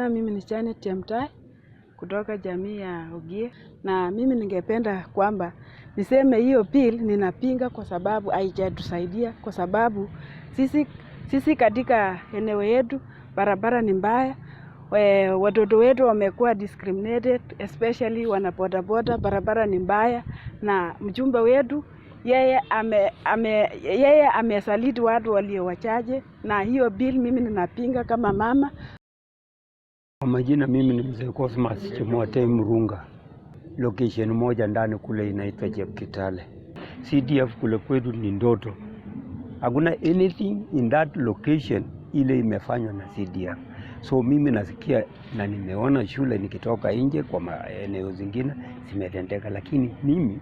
Jina mimi ni Janet Chemtai kutoka jamii ya Ogie, na mimi ningependa kwamba niseme hiyo bill ninapinga kwa sababu haijatusaidia, kwa sababu sisi, sisi katika eneo yetu barabara ni mbaya. We, watoto wetu wamekuwa discriminated especially wanabodaboda. Barabara ni mbaya, na mjumbe wetu yeye ame, ame, yeye amesaliti watu walio wachache, na hiyo bill mimi ninapinga kama mama. Kwa majina mimi ni mzee Cosmas Chemuatei Murunga, location moja ndani kule inaitwa Chepkitale. CDF kule kwetu ni ndoto, hakuna anything in that location ile imefanywa na CDF. So mimi nasikia na nimeona shule nikitoka nje kwa maeneo zingine zimetendeka, lakini mimi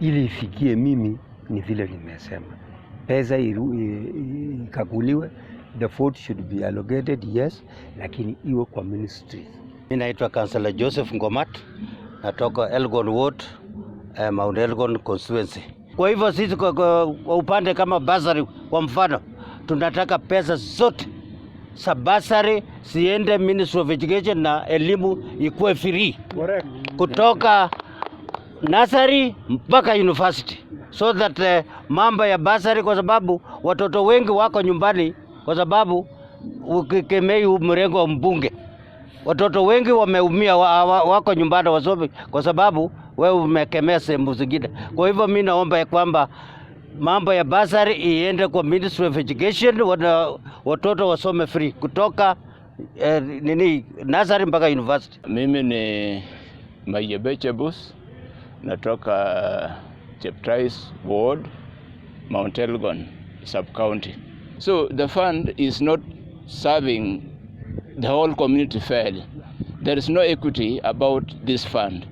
ili ifikie mimi ni vile nimesema, pesa ikaguliwe the food should be allocated yes, lakini iwe kwa ministry. Mimi naitwa Councillor Joseph Ngomat, natoka Elgon Ward, eh, Mount Elgon constituency. Kwa hivyo sisi kwa, kwa upande kama basari kwa mfano, tunataka pesa zote za basari siende Ministry of Education na elimu ikuwe free kutoka nasari mpaka university so that uh, mambo ya basari, kwa sababu watoto wengi wako nyumbani kwa sababu ukikemei mrengo wa mbunge, watoto wengi wameumia, wa, wa, wako nyumbani wasomi, kwa sababu wewe umekemea sehemu zingine. Kwa hivyo mi naomba ya kwamba mambo ya basari iende kwa Ministry of Education, wana watoto wasome free kutoka eh, nini nasari mpaka university. Mimi ni mayebechebus Bus, natoka uh, Cheptais Ward, Mount Elgon sub county. So the fund is not serving the whole community fairly. There is no equity about this fund.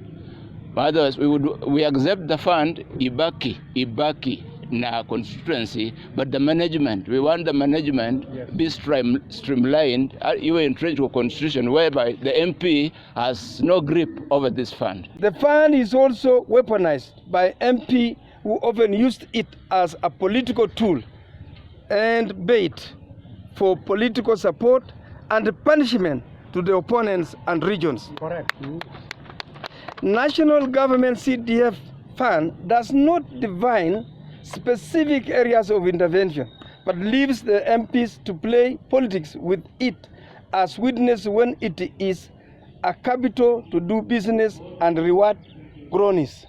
Otherwise, we would we accept the fund ibaki ibaki na constituency, but the management we want the management yes. be stream, streamlined. Uh, even you entrenched a constitution whereby the MP has no grip over this fund. The fund is also weaponized by MP who often used it as a political tool and bait for political support and punishment to the opponents and regions. Correct. National government CDF fund does not define specific areas of intervention, but leaves the MPs to play politics with it as witness when it is a capital to do business and reward cronies.